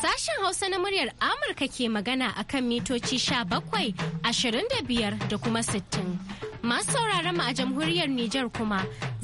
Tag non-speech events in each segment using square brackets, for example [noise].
Sashen Hausa na muryar Amurka ke magana a kan mitoci 17, 25 da kuma sittin. Masu sauraron mu a jamhuriyar Nijar kuma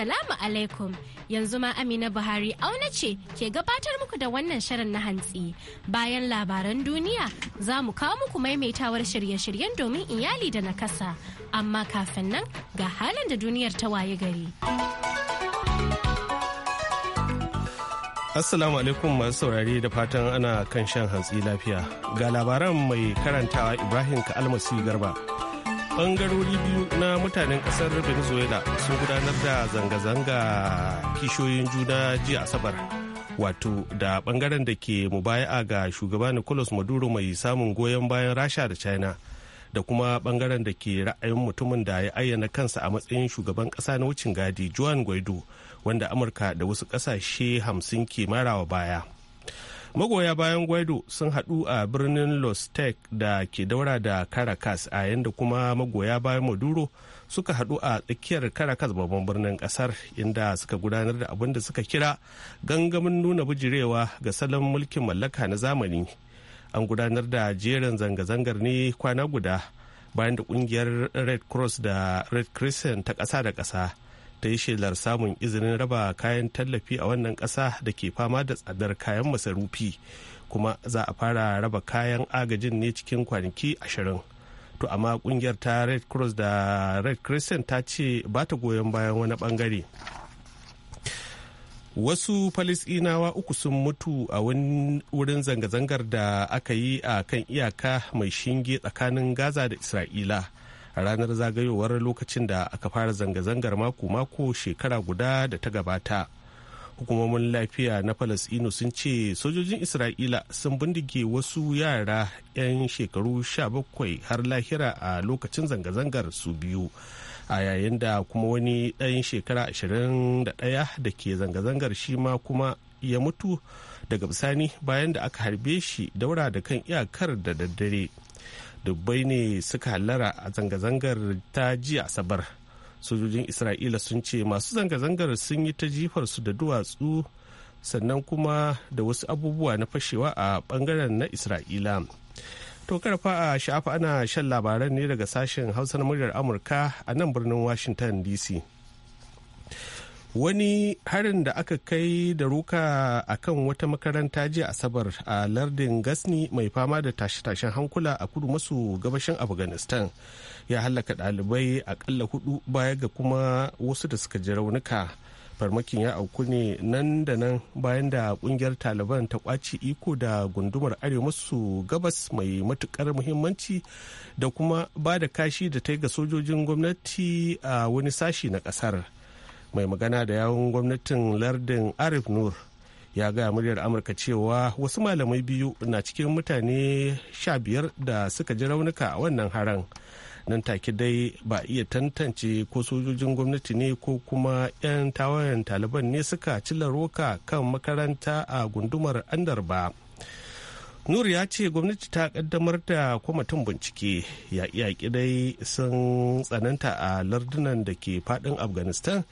Assalamu alaikum yanzu ma Amina Buhari auna ce ke gabatar muku da wannan shirin na hantsi. Bayan labaran duniya za mu kawo muku maimaitawar shirye-shiryen domin iyali da na kasa Amma kafin nan ga halin da duniyar ta waye gari. Assalamu alaikum masu saurari da fatan ana kan shan hantsi lafiya. Ga labaran mai karantawa Ibrahim Ka'almasi Garba. bangarori biyu na mutanen kasar venezuela sun gudanar da zanga-zanga kishoyin juna jiya asabar wato da bangaren da ke mubaya'a ga shugaba nicolas maduro mai samun goyon bayan rasha da china da kuma bangaren da ke ra'ayin mutumin da ya ayyana kansa a matsayin shugaban kasa na wucin gadi juan guaido wanda amurka da wasu kasashe hamsin ke marawa baya magoya bayan guaido sun haɗu a birnin los tech da ke daura da caracas a yadda kuma magoya bayan maduro suka haɗu a tsakiyar caracas babban birnin ƙasar inda suka gudanar da abin da suka kira gangamin nuna bijirewa ga salon mulkin mallaka na zamani an gudanar da jerin zanga-zangar ne kwana guda bayan da ƙungiyar red cross da red crescent ta ƙasa da ƙasa ta yi shelar samun izinin raba kayan tallafi a wannan ƙasa da ke fama da tsadar kayan masarufi kuma za a fara raba kayan agajin ne cikin kwanaki ashirin to amma kungiyar ta red cross da red crescent ta ce ba ta goyon bayan wani bangare wasu falisinawa uku sun mutu a wurin zanga-zangar da aka yi a kan iyaka mai shinge tsakanin gaza da isra'ila ranar zagayowar lokacin da aka fara zanga-zangar mako-mako shekara guda da ta gabata hukumomin lafiya na falasino sun ce sojojin isra'ila sun bindige wasu yara 'yan shekaru 17 har lahira a lokacin zanga-zangar su biyu a yayin da kuma wani ɗan shekara 21 da ke zanga-zangar shi ma kuma ya mutu daga bisani bayan da aka harbe shi daura da kan iyakar da daddare dubbai ne suka hallara a zanga-zangar ta jiya asabar sojojin isra'ila sun ce masu zanga-zangar sun yi ta jifarsu da duwatsu sannan kuma da wasu abubuwa na fashewa a bangaren na isra'ila to karfa a sha'afa ana shan labaran ne daga sashen hausa na muryar amurka a nan birnin washington dc wani harin da aka kai da ruka a kan wata makaranta jiya asabar a lardin gasni mai fama da tashe-tashen hankula a kudu maso gabashin afghanistan ya hallaka ɗalibai aƙalla hudu baya ga kuma wasu da suka ji raunuka farmakin ya auku ne nan da nan bayan da kungiyar taliban ta kwaci iko da gundumar arewa masu gabas mai matukar muhimmanci da kuma ba da kashi da ta yi ga sojojin gwamnati a wani sashi na kasar mai magana da yawun gwamnatin lardin arif nur ya ga muryar amurka cewa wasu malamai biyu na cikin mutane sha biyar da suka ji raunuka a wannan haran nan take dai ba iya tantance ko sojojin gwamnati ne ko kuma 'yan tawayen taliban ne suka cilla roka kan makaranta a gundumar andar ba nur ya ce gwamnati ta kaddamar da kwamitin bincike ya yaƙi dai sun tsananta a lardunan da ke faɗin afghanistan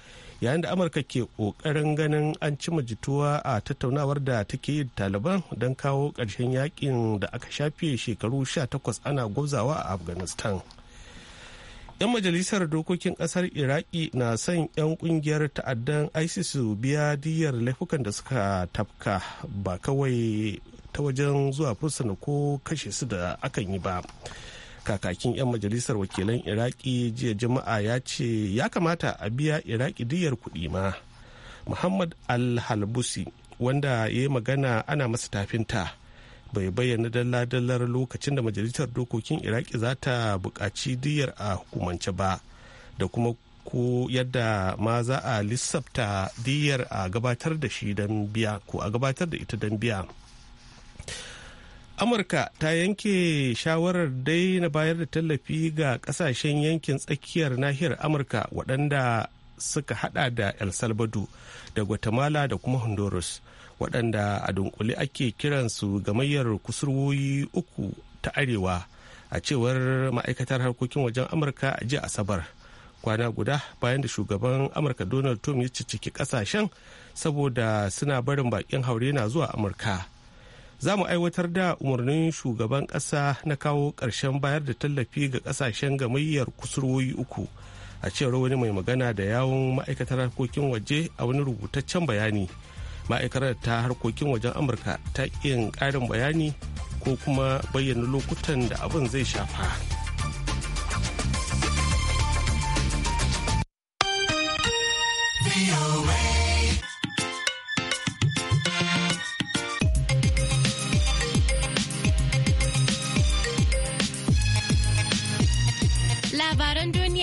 yayin da amurka ke kokarin ganin an cima jituwa a tattaunawar da take yi taliban don kawo ƙarshen yakin da aka shafe shekaru 18 ana gwazawa a afghanistan 'yan majalisar dokokin kasar iraki na son 'yan kungiyar ta'addan isis su biya diyyar laifukan da suka tafka ba kawai ta wajen zuwa fursuna ko kashe su da akan yi ba kakakin 'yan majalisar wakilan iraki jiya juma'a ya ce ya kamata a biya iraki diyar kuɗi ma muhammad al-halbusi wanda ya yi magana ana masa tafinta bai bayyana dalla-dallar lokacin da majalisar dokokin iraki za ta buƙaci diyar a hukumance ba da kuma ko yadda ma za a lissafta diyar a gabatar da shi don biya ko a gabatar da ita don biya amurka ta yanke shawarar daina bayar da tallafi ga kasashen yankin tsakiyar nahiyar amurka waɗanda suka hada da el salvador da guatemala da kuma honduras waɗanda a dunkule ake kiransu gamayyar kusurwoyi uku ta arewa a cewar ma'aikatar harkokin wajen amurka a jiya asabar kwana guda bayan da shugaban amurka donald trump ya cicciki kasashen saboda suna barin bakin haure na zuwa amurka za mu aiwatar da umarnin shugaban ƙasa na kawo ƙarshen bayar da tallafi ga ƙasashen gamayyar kusurwoyi uku a cewar wani mai magana da yawon ma'aikatar harkokin waje a wani rubutaccen bayani ma'aikatar ta harkokin wajen amurka ta ƙin ƙarin bayani ko kuma bayyana lokutan da abin zai shafa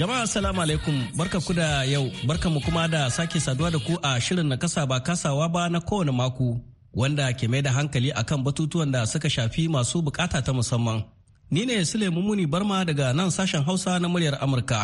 Jama'a salamu alaikum barka ku da yau barka mu kuma da sake saduwa da ku a shirin na kasa ba kasawa ba na kowane mako wanda ke mai da hankali akan batutuwan da suka shafi masu bukata ta musamman. Ni ne Sule Mumuni Barma daga nan sashen Hausa na muryar Amurka.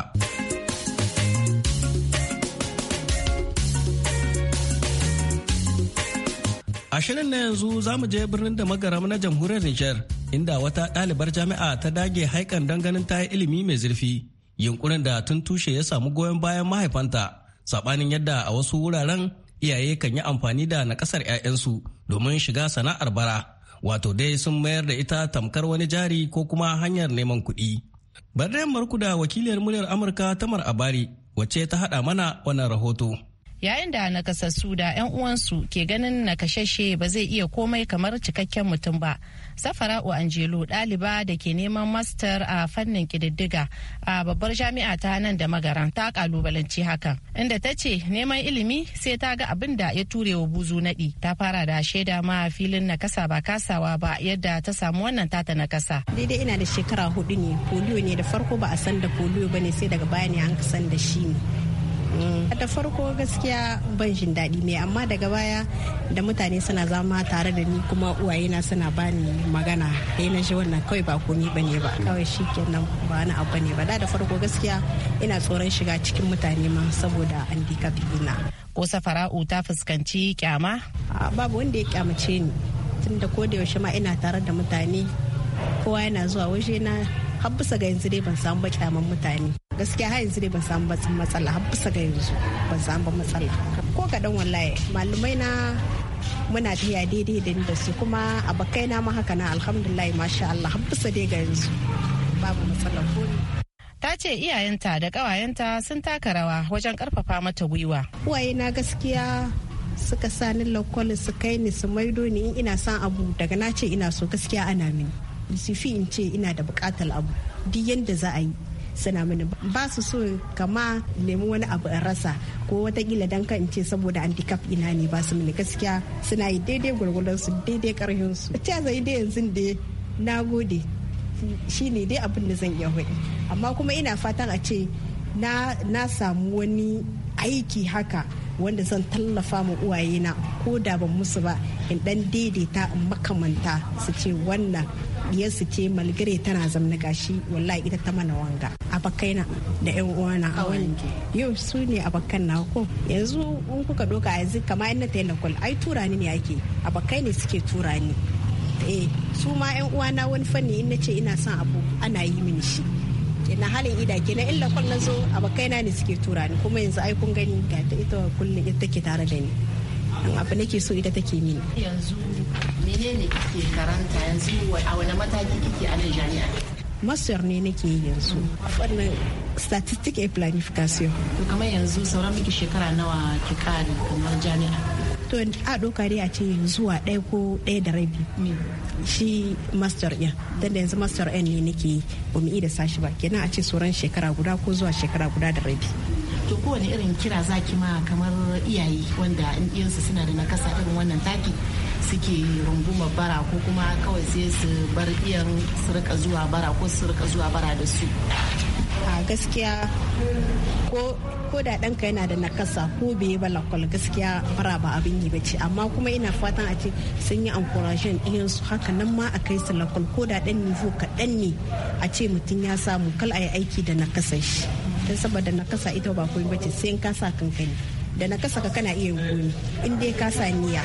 A shirin na yanzu za mu je birnin da magaram na jamhuriyar Nijar inda wata ɗalibar jami'a ta dage haikan don ganin ta yi ilimi mai zurfi. yunkurin da tun tushe ya samu goyon bayan mahaifanta saɓanin yadda a wasu wuraren iyaye kan yi amfani da na ƙasar 'ya'yansu domin shiga sana'ar bara wato dai sun mayar da ita tamkar wani jari ko kuma hanyar neman kuɗi. Bari da da wakiliyar muryar Amurka Tamar Abari wacce ta haɗa mana wannan rahoto. yayin da nakasassu da 'yan uwansu ke ganin nakasasshe ba zai iya komai kamar cikakken mutum ba safara'u angelo ɗaliba da ke neman master a fannin kididdiga a babbar jami'a ta nan da magaran ta kalubalanci hakan inda ta ce neman ilimi sai ta ga abin da ya ture wa buzu naɗi ta fara da shaida ma filin nakasa ba kasawa ba yadda ta samu wannan tata nakasa daidai ina da shekara hudu ne polio ne da farko ba a san da polio ba ne sai daga baya ne an san da shi ne da farko gaskiya ban jin daɗi ne amma daga baya da mutane suna zama tare da ni kuma na suna bani magana sai na ji wannan kawai ba komi ba ne ba kawai shi kenan ba na abu ne ba da da farko gaskiya ina tsoron shiga cikin mutane ma saboda an dika ina ko safara'u ta fuskanci kyama babu wanda ya kyamace ni tunda ko da yaushe ma ina tare da mutane kowa yana zuwa waje na har bisa ga yanzu dai ban samu ba kyaman mutane gaskiya har yanzu dai ban samu ba matsala har bisa ga yanzu ban samu ba matsala ko kaɗan wallahi malumai na muna tafiya daidai da da su kuma abokai na ma haka na alhamdulillah masha Allah har bisa dai ga yanzu babu matsala ko ta ce iyayenta da ƙawayenta sun taka rawa wajen ƙarfafa mata gwiwa. Uwaye na gaskiya suka sani lokoli su kai ni su maido ni in ina son abu daga na ce ina so gaskiya ana mini sifi in ce ina da bukatar abu duk yadda za a yi suna mini ba su so kama nemi wani abu in rasa ko watakila dan kan ce saboda handicap ina ne ba su mini gaskiya suna yi daidai gwargwadon su daidai karfin su ta zai dai yanzu da na gode shine dai abin da zan iya hudu amma kuma ina fatan a ce na samu wani aiki haka wanda zan tallafa ma uwayena ko da ban musu ba in dan daidaita in makamanta su ce wannan biyar su ce malgare tana zamna gashi wallahi ita ta mana wanga abakaina da yan uwana a wani yau su ne abakan na ko yanzu in kuka doka a yanzu kama yana ta lakwal ai tura ni ne ake abakai ne suke tura ni eh su ma yan uwana wani fanni in na ce ina son abu ana yi mini shi na halin ida ke na illa zo na zo na ne suke tura ni kuma yanzu ai kun gani ga ta ita kullum ita take tare da ni dan abu nake so ita take mini yanzu menene kike karanta yanzu a wani mataki kike a nan jami'a master ne nake yi yanzu wannan statistic and planification kamar yanzu sauran miki shekara nawa ki kare kamar jami'a to a doka dai a ce zuwa ɗaya ko ɗaya da rabi shi master ɗin don da yanzu master ɗin ne nake bumi da sashi ba kenan a ce sauran shekara guda ko zuwa shekara guda da rabi to kowane irin kira zaki ma kamar iyaye wanda in suna da nakasa irin wannan taki suke runguma bara ko kuma kawai sai su bar iyan su rika zuwa bara ko su rika zuwa bara da su a gaskiya ko da ɗanka yana da nakasa ko bai ba balakwal gaskiya fara ba abin yi bace amma kuma ina fatan a ce sun yi ankurajen ɗiyan su haka nan ma a kai su ko da ɗan nivo kaɗan ne a ce mutum ya samu kal a yi aiki da nakasa shi don saboda nakasa ita ba kuma bace sai in ka sa kanka da na kasa ka kana iya gomi in dai ka sa niyya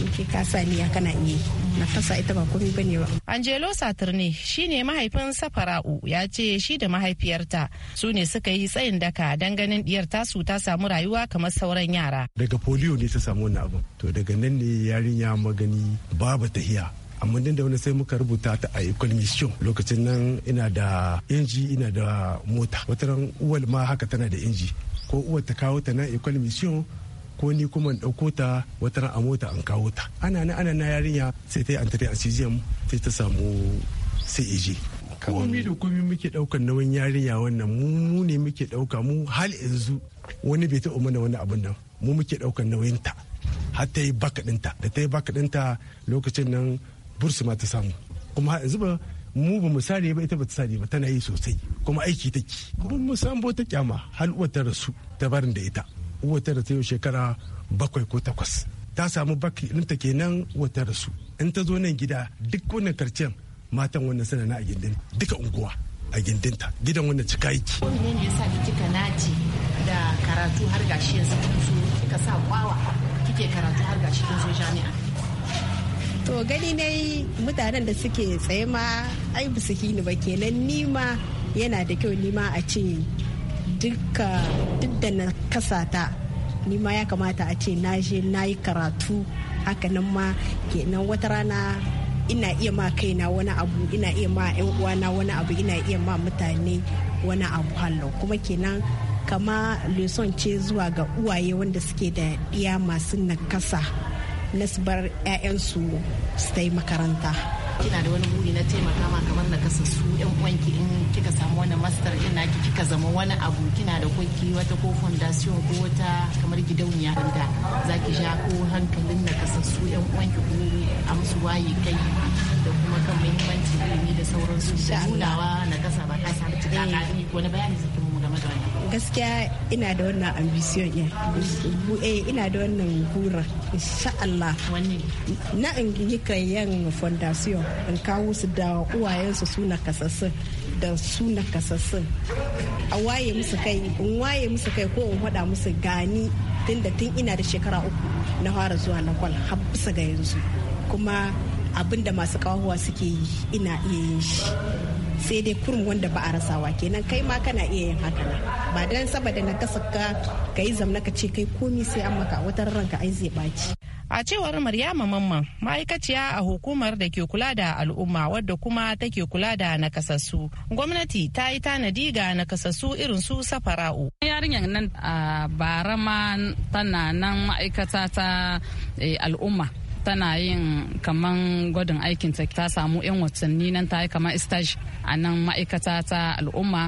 in ke ka sa niyya kana iya na kasa ita ba komai bane ba Angelo Saturne shine mahaifin Safara'u ya ce shi da mahaifiyarta su ne suka yi tsayin daka dan ganin diyar tasu ta samu rayuwa kamar sauran yara daga polio ne ta samu wannan abu to daga nan ne yarinya magani babu tahiya amma da wani sai muka rubuta ta a ikon mission lokacin nan ina da inji ina da mota wata ran uwal ma haka tana da inji ko uwar ta kawo ta na ikon mission ko ni kuma in ɗauko ta wata ran a mota an kawo ta ana na ana na yarinya sai ta yi antare cijiyan sai ta samu sai eje komi da komi muke ɗaukar nauyin yarinya wannan mu ne muke ɗauka mu hal yanzu wani bai taɓa mana wani abun nan mu muke ɗaukar nauyin ta har ta yi baka ɗinta da ta yi baka ɗinta lokacin nan bursu ma ta samu kuma yanzu ba mu ba mu sare ba ita ba ta sare ba tana yi sosai kuma aiki ki mun mu san ta kyama har uwar ta rasu ta barin da ita uwar ta rasu shekara bakwai ko takwas ta samu baki ta kenan uwar ta rasu in ta zo nan gida duk wannan karcen matan wannan sana na a gindin duka unguwa a gindinta gidan wannan cika yake. ne ne yasa kika nace da karatu har gashi yanzu kun zo kika sa kwawa kike karatu har gashi kun zo jami'a. To gani ne mutanen da suke tsaye ma ai ba su hini ba kenan nima yana da kyau nima a ce duka duk da na kasata nima ya kamata a ce na je na yi karatu hakanan ma kenan wata rana ina iya ma kaina wani abu ina iya ma 'yan uwana wani abu ina iya ma mutane wani abu hallo kuma kenan kama leson ce zuwa ga uwaye wanda suke da iya masu nakasa na su bar 'ya'yansu su ta yi makaranta kina da wani buri na taimaka ma kamar na kasa su yan uwanki in kika samu wani master din naki kika zama wani abu kina da kunki wata ko foundation ko wata kamar gidauniya da zaki sha ko hankalin na kasa su yan uwanki ko a musu waye kai da kuma kan muhimmanci ilimi da sauransu da kulawa na kasa ba kasa ba cika eh. wani bayani zaki mu game da wannan gaskiya ina da wannan ambition ya eh ina da wannan gura insha Allah na in yi kayan fondation in kawo su da uwayensu su na kasassun da su kasassun a waye musu kai in waye musu kai ko in faɗa musu gani tun tun ina da shekara uku na fara zuwa na kwal har bisa ga yanzu kuma abin da masu kawowa suke yi ina iya yin shi sai dai kurum wanda ba a rasawa kenan kai ma kana iya yin haka ba dan saboda na kasa ka kai zamna ka ce kai komi sai an maka wata ranka ai zai baci a cewar maryama mamman ma'aikaciya a hukumar da ke kula da al'umma wadda kuma take kula da nakasassu gwamnati ta yi tanadi ga nakasassu irin su safara'u yarinyar nan a bara ma tana nan ma'aikata ta eh, al'umma tana yin kaman gwadin aikin ta ta samu 'yan watanni nan ta yi kamar stage a nan ma'aikata ta al'umma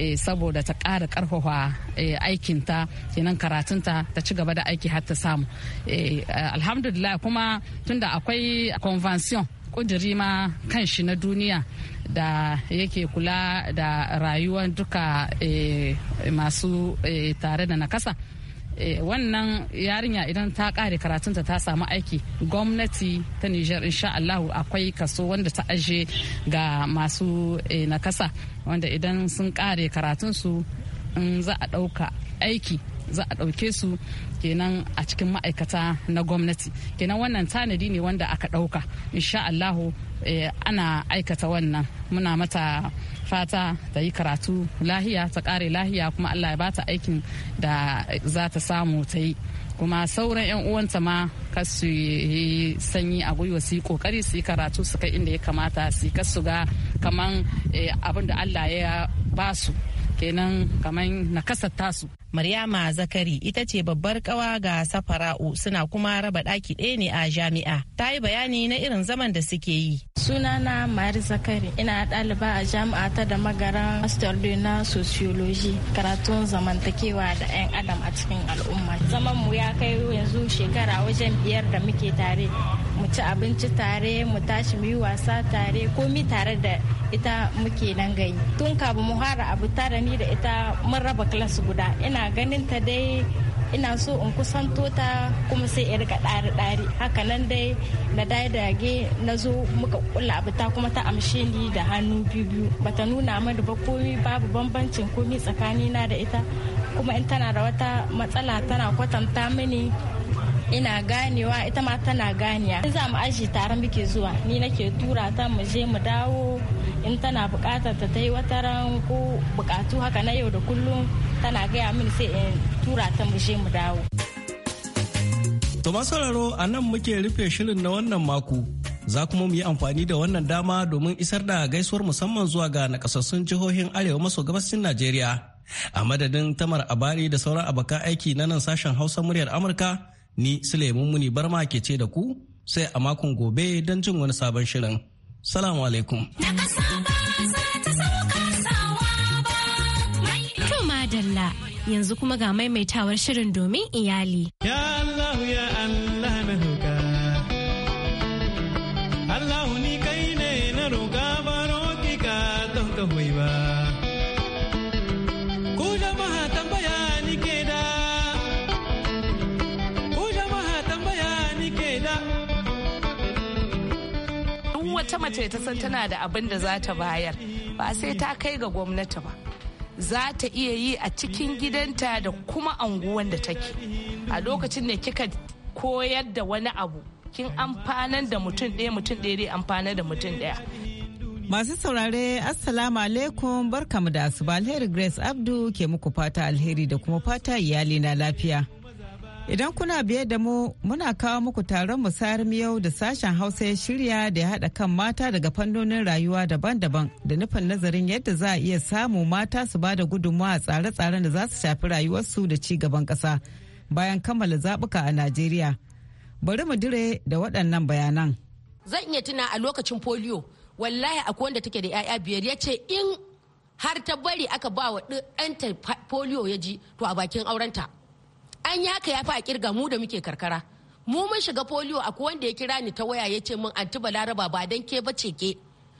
eh, saboda ta ƙara ƙarfafa eh, ta kenan karatun ta ta ci gaba da aiki har ta samu eh, alhamdulillah kuma tunda akwai convention kudiri ma kan shi na duniya da yake kula da rayuwar duka masu tare da nakasa Eh, wannan yarinya idan ta kare karatunta ta samu aiki gwamnati ta Nijar insha Allahu akwai kaso wanda ta aje ga masu eh, nakasa wanda idan sun kare karatunsu in za a ɗauka aiki za a ɗauke su kenan a cikin ma'aikata na gwamnati kenan wannan tanadi ne wanda aka ɗauka insha Allahu eh, ana aikata wannan muna mata fata ta yi karatu lahiya ta kare lahiya kuma allah ya bata aikin da za ta samu ta yi kuma sauran 'yan uwanta ma kasu sanyi a gwiwa su yi kokari su yi karatu su kai inda ya kamata su kasu ga kaman eh, abin da allah ya basu su kenan kaman nakasar tasu Maryama Zakari ita ce babbar kawa ga Safara'u suna kuma raba ɗaki ɗaya ne a jami'a. Ta yi bayani na irin zaman da suke yi. Sunana Mari Zakari ina ɗaliba a jami'a ta da magaran Master na Sociology karatun zamantakewa da 'yan adam a cikin al'umma. Zaman mu ya kai yanzu shekara wajen biyar da muke tare. mu ci abinci tare mu tashi mu yi wasa tare komi tare da ita muke nan gayi tun kafin mu fara abu tare ni da ita mun raba kilas guda ina ganin ta dai ina so in kusanto ta kuma sai in rika ɗari ɗari haka nan dai na dai dage na zo muka kula abu ta kuma ta amshe ni da hannu biyu biyu bata nuna mani ba komi babu bambancin komi tsakanina da ita kuma in tana da wata matsala tana kwatanta mini ina ganewa ita ma tana ganiya in za mu aji tare muke zuwa ni nake tura ta mu je mu dawo in tana bukatar ta yi wata ran ko bukatu haka na yau da kullum tana gaya min sai in tura ta mu je mu dawo to sauraro a nan muke rufe shirin na wannan mako za kuma mu yi amfani da wannan dama domin isar da gaisuwar musamman zuwa ga nakasassun jihohin arewa maso gabashin najeriya a madadin tamar abari da sauran abokan aiki na nan sashen hausa muryar amurka Ni Suleiman Muni Barma ke ce da ku sai a makon gobe don jin wani sabon shirin. Salamu alaikum. yanzu kuma ga maimaitawar shirin domin iyali. Ya Allah ya Allah. ita mace ta san tana da abin da za ta bayar ba sai ta kai ga gwamnati ba za ta iya yi a cikin gidanta da kuma anguwan da take a lokacin da kika koyar da wani abu kin amfanar da mutum ɗaya mutum ɗaya dai amfanar da mutum ɗaya Masu saurare Assalamu alaikum barkamu da asuba alheri Grace Abdu ke muku fata alheri da kuma fata iyali na lafiya. Idan kuna biye da mu muna kawo muku taron musayar yau da sashen Hausa ya shirya da ya haɗa kan mata daga fannonin rayuwa daban-daban da nufin nazarin yadda za a iya samu mata su ba da gudunmawa tsare-tsaren da za su shafi rayuwarsu da ci gaban ƙasa bayan kammala zaɓuka a Najeriya. Bari mu dire da waɗannan bayanan. Zan iya tuna a lokacin polio wallahi akwai wanda take da 'ya'ya biyar ya ce in har ta bari aka ba wa ɗanta polio ya ji to a bakin aurenta. an yaka ya fi a kirga mu da muke karkara mu mun shiga polio akwai wanda ya kira ni ta waya ya ce min anti balaraba ba dan ke bace ke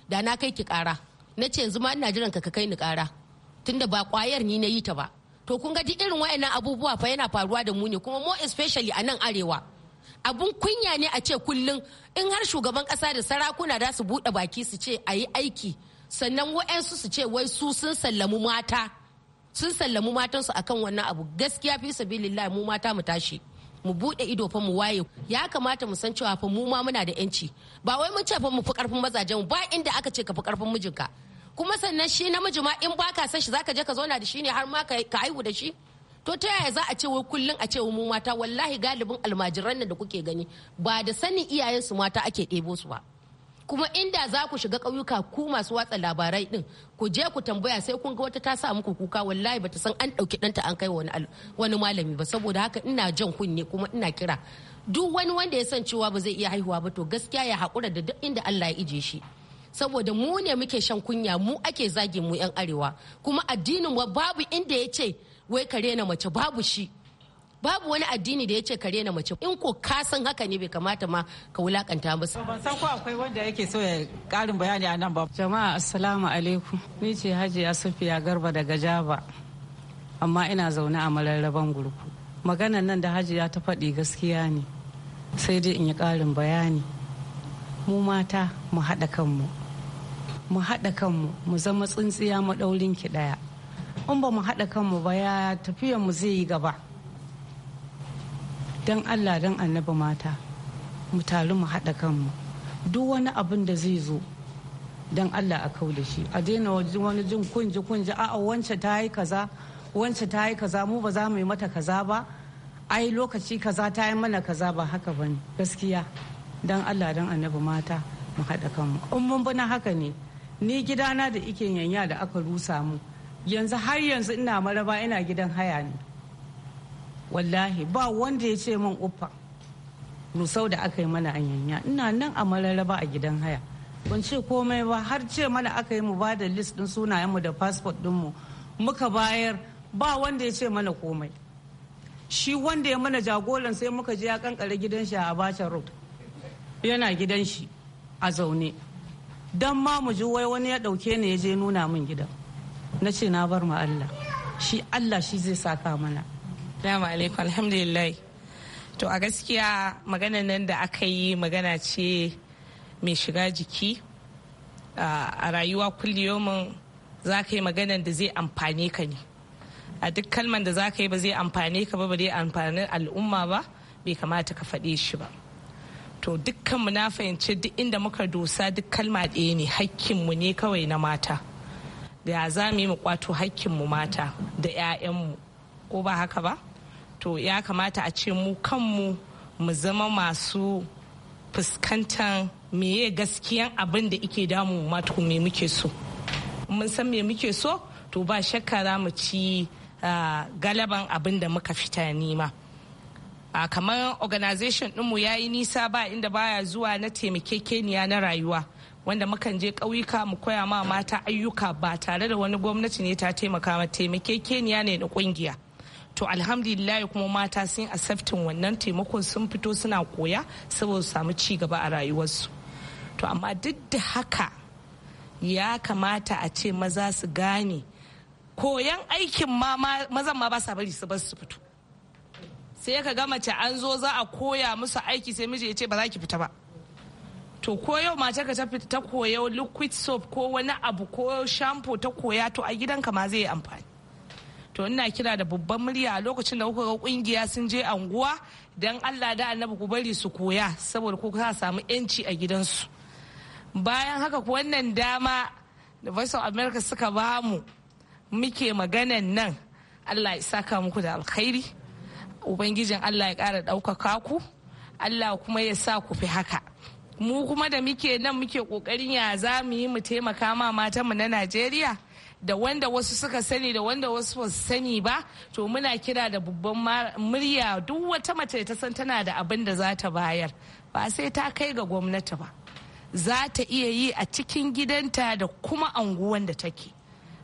da na kai ki kara na ce yanzu ma ina jiran ka kai ni kara tunda ba kwayar ni na yi ta ba to kun ga irin wayannan abubuwa fa yana faruwa da mu ne kuma more especially a nan arewa abun kunya ne a ce kullum in har shugaban kasa da sarakuna za su buɗe baki su ce a yi aiki sannan wa'yansu su ce wai su sun sallamu mata sun sallamu matansu akan wannan abu gaskiya fi sabilillah mu mata mu tashi mu bude ido fa mu waye ya kamata mu san cewa fa mu ma muna da yanci ba wai mun ce fa mu fi karfin mazajen ba inda aka ce ka fi karfin mijinka kuma sannan shi namiji ma in baka san shi zaka je ka zauna da shi ne har ma ka haihu da shi to ta yaya za a ce wai kullun a ce mu mata wallahi galibin almajiran nan da kuke gani ba da sanin iyayensu mata ake ɗebo su ba kuma inda za ku shiga ƙauyuka ku masu watsa labarai din ku je ku tambaya sai kun ga wata ta sa muku kuka wallahi bata san an ɗauki ɗanta an kai wani wani malami ba saboda haka ina jan kunne kuma ina kira duk wani wanda ya san cewa ba zai iya haihuwa ba to gaskiya ya haƙura da duk inda Allah ya ije shi saboda mu ne muke shan kunya mu ake zage mu yan arewa kuma addinin wa babu inda ya ce wai kare na mace babu shi babu wani addini da ya ce kare na mace in ko ka san haka ne bai kamata ma ka wulakanta ba. ban san ko akwai wanda yake so ya karin bayani a nan ba jama'a assalamu alaikum ni ce hajiya asufiya garba daga jaba amma ina zaune a mararraban gurku maganan nan da hajiya ta faɗi gaskiya ne sai dai in yi ƙarin bayani mu mata mu haɗa kanmu mu haɗa kanmu mu zama tsintsiya maɗaurin ki ɗaya in ba mu haɗa kanmu ba ya tafiyan mu zai yi gaba don allah don annabi mata mu taru mu haɗa kanmu duk wani abin da zai zo don allah a kau da shi a daina wani jin kunji kunji a wance ta yi kaza wance ta yi kaza mu ba za mu yi mata kaza ba ai lokaci kaza ta yi mana kaza ba haka ba ne gaskiya don allah don annabi mata mu haɗa kanmu in mun na haka ne ni gidana da ike yanya da aka rusa mu yanzu har yanzu ina maraba ina gidan haya ne wallahi ba wanda ya ce min uffa rusau da aka yi mana anyanya ina nan a mararraba a gidan haya ban ce komai ba har ce mana aka yi mu ba da list din sunayenmu da passport dinmu muka bayar ba wanda ya ce mana komai shi wanda ya mana jagoran sai muka je ya kankare gidan shi a abacha road yana gidan shi a zaune don ma mu ji wai wani ya dauke ni ya je nuna min gidan na ce na bar ma Allah shi Allah shi zai saka mana Assalamu alaikum alhamdulillah. To a gaskiya maganan nan da aka yi magana ce mai shiga jiki a rayuwa kulliyomin za ka yi maganan da zai amfane ka ne. A duk kalman da za ka yi ba zai amfane ka ba ba zai amfanin al'umma ba bai kamata ka faɗe shi ba. To dukkanmu na fahimci duk inda muka dosa duk kalma ɗaya ne mu ne kawai na mata. Da za mu yi mu kwato mu mata da mu ko ba haka ba? to ya kamata a ce mu kanmu mu zama masu fuskantar meye gaskiyan abin da ike damu ma me muke so mun san me muke so to ba shakka za mu ci galaban abin da muka fita nima a kamar organization dinmu ya yi nisa ba inda baya zuwa na taimakekeniya na rayuwa wanda mukan je ƙauyuka mu koya ma mata ayyuka ba tare da wani gwamnati ne ta taimaka ma taimakekeniya ne na ƙungiya to alhamdulillah kuma mata sun asaftin wannan taimakon sun fito suna koya saboda samu ci gaba a rayuwarsu to amma duk da haka ya kamata a ce maza su gane koyan aikin ma mazan ma ba sa bari su bar su fito sai ka ga mace an zo za a koya musu aiki sai miji ya ce ba za ki fita ba to ko yau mace ka ta koya liquid soap ko wani abu ko shampoo ta koya to a gidanka ma zai yi amfani to ina kira da babban murya a lokacin da kuka ga kungiya sun je anguwa dan Allah da annabi ku bari su koya saboda ku ka samu yanci a gidansu bayan haka wannan dama da voice of america suka bamu muke maganan nan Allah ya saka muku da alkhairi ubangijin Allah ya kara ɗaukaka ku Allah kuma ya sa ku fi haka mu kuma da muke nan muke kokarin ya za mu yi mu taimaka ma matanmu na Najeriya da wanda wasu suka sani da wanda wasu ba sani ba to muna kira da babban murya duk wata mace ta san tana da abin da za ta bayar ba sai ta kai ga gwamnati ba za ta iya yi a cikin gidanta da kuma anguwan da take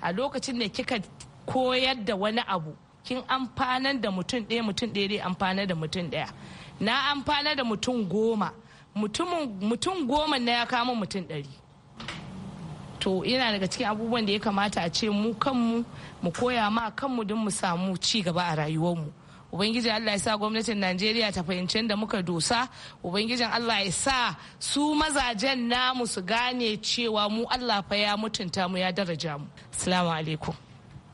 a lokacin da kika koyar da wani abu kin amfanar da mutum ɗaya mutum ɗaya dai amfanar da mutum ɗaya na amfanar da mutum goma mutum goma na ya kama mutum ɗari to yana daga cikin abubuwan da ya kamata a ce mu kanmu mu koya ma kanmu don mu samu ci gaba a rayuwarmu ubangijin allah ya sa gwamnatin najeriya ta fahimci da muka dosa ubangijin allah ya sa su mazajen namu su gane cewa mu allah fa ya mutunta mu ya daraja mu salamu alaikum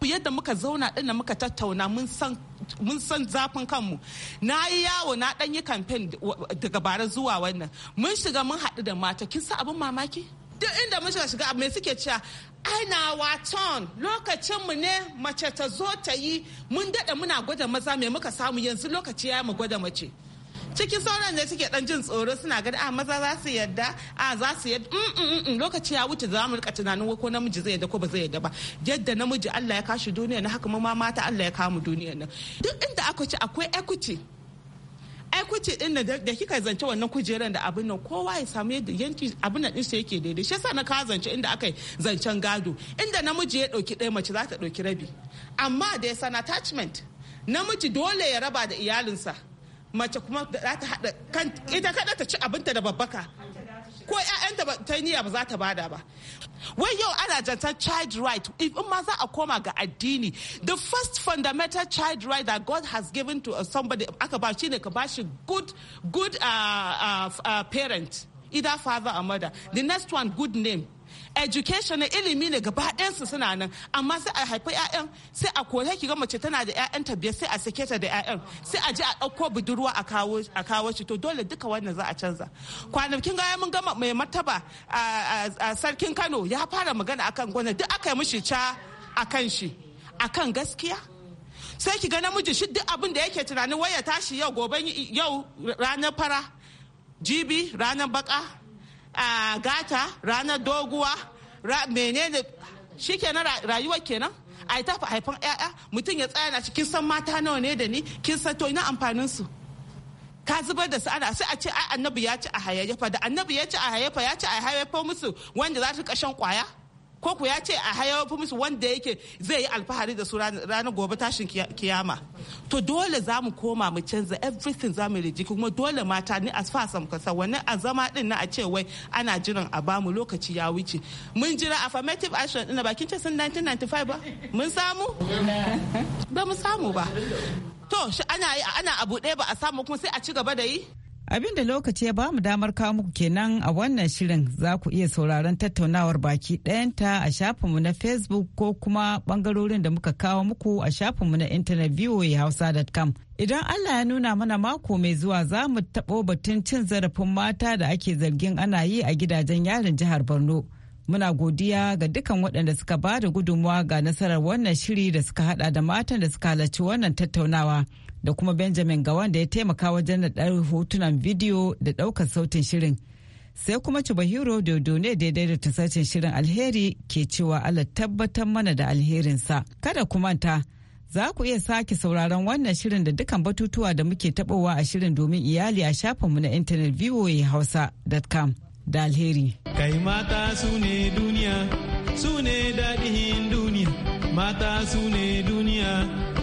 yadda muka zauna ɗin muka tattauna mun san mun san zafin kanmu na yi yawo na ɗanyi kamfen daga bara zuwa wannan mun shiga mun haɗu da mata kin sa abin mamaki duk inda mun shiga me suke cewa ana waton lokacin mu ne mace ta zo ta yi mun daɗa muna gwada maza me muka samu yanzu lokaci ya mu gwada mace cikin sauran da suke dan jin tsoro suna gani a ah, maza za su yadda a ah, za su yadda mm, mm, mm, lokaci ya wuce za mu rika tunanin ko namiji zai yadda ko ba zai yadda ba yadda namiji Allah ya kashi duniya na haka ma mata Allah ya kamu duniya nan duk inda aka ci akwai equity ai kuce din da kika zance wannan kujeran da abin nan kowa ya samu yadda yanki abin nan ɗinsa yake daidai shi yasa na ka zance inda aka zancen gado inda namiji ya ɗauki ɗaya mace za ta ɗauki rabi amma da ya san attachment namiji dole ya raba da iyalinsa mace kuma za ta haɗa ita kada ta ci abinta da babbaka ko 'yayan ba ta niyya ba za ta bada ba wai yau ana jantar child right if in ma za a koma ga addini the first fundamental child right that god has given to uh, somebody aka ba shine ka bashi good good uh, uh, uh, parent either father or mother the next one good name education na ilimi ne gaba ɗayansu suna nan amma sai a haifi 'ya'yan sai a kore ki ga mace tana da ƴaƴan ta biyar sai a sake ta da 'ya'yan sai a je a ɗauko budurwa a kawo a kawo shi to dole duka wannan za a canza kwanakin gaya mun gama mai martaba a sarkin Kano ya fara magana akan gwana duk aka yi mishi ca akan shi akan gaskiya sai ki ga namiji shi duk abin da yake tunanin waya tashi yau gobe yau ranar fara jibi ranar baka a gata ranar doguwa menene shi kenan rayuwar kenan a ta haifan 'ya'ya mutum ya tsaya na cikin san mata nawa ne da ni kin san to ina amfanin su ka zubar da su ana sai a ce ai annabi ya ci a hayayyafa da annabi ya ci a hayayyafa ya ci a hayayyafa musu wanda za su kashen kwaya ko ku ya ce a hayawa musu wanda yake zai yi alfahari da su ranar gobe tashin kiyama to dole za mu koma mu canza everything za mu rejiki kuma dole mata ni as far sam kasa wani a zama din na a ce wai ana jiran a bamu lokaci ya wuce mun jira affirmative action ina bakin ce sun 1995 ba mun samu [laughs] ba mu samu ba to ana ana abu ɗaya ba a samu kuma sai a ci gaba da yi Abin da lokaci ya ba mu damar kawo muku kenan a wannan shirin za ku iya sauraron tattaunawar baki ɗayanta a shafinmu na Facebook ko kuma ɓangarorin da muka kawo muku a shafinmu na intanet voahausa.com. Idan Allah ya nuna mana mako mai zuwa za mu taɓo batun cin zarafin mata da ake zargin ana yi a gidajen yarin jihar Borno. Muna godiya ga dukan waɗanda suka ba da gudunmawa ga nasarar wannan shiri da suka haɗa da matan da suka halarci wannan tattaunawa. da kuma benjamin ga wanda ya taimaka wajen naɗar hotunan bidiyo da ɗaukar sautin shirin sai kuma chubahiro dodone daidai da tasashen shirin alheri ke cewa allah tabbatar mana da alherinsa kada ku manta za ku iya sake sauraron wannan shirin da dukkan batutuwa da muke tabowa a shirin domin iyali a shafinmu na intanet hausa.com da alheri kai mata su ne duniya su ne dadihin duniya mata su ne duniya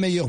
meilleure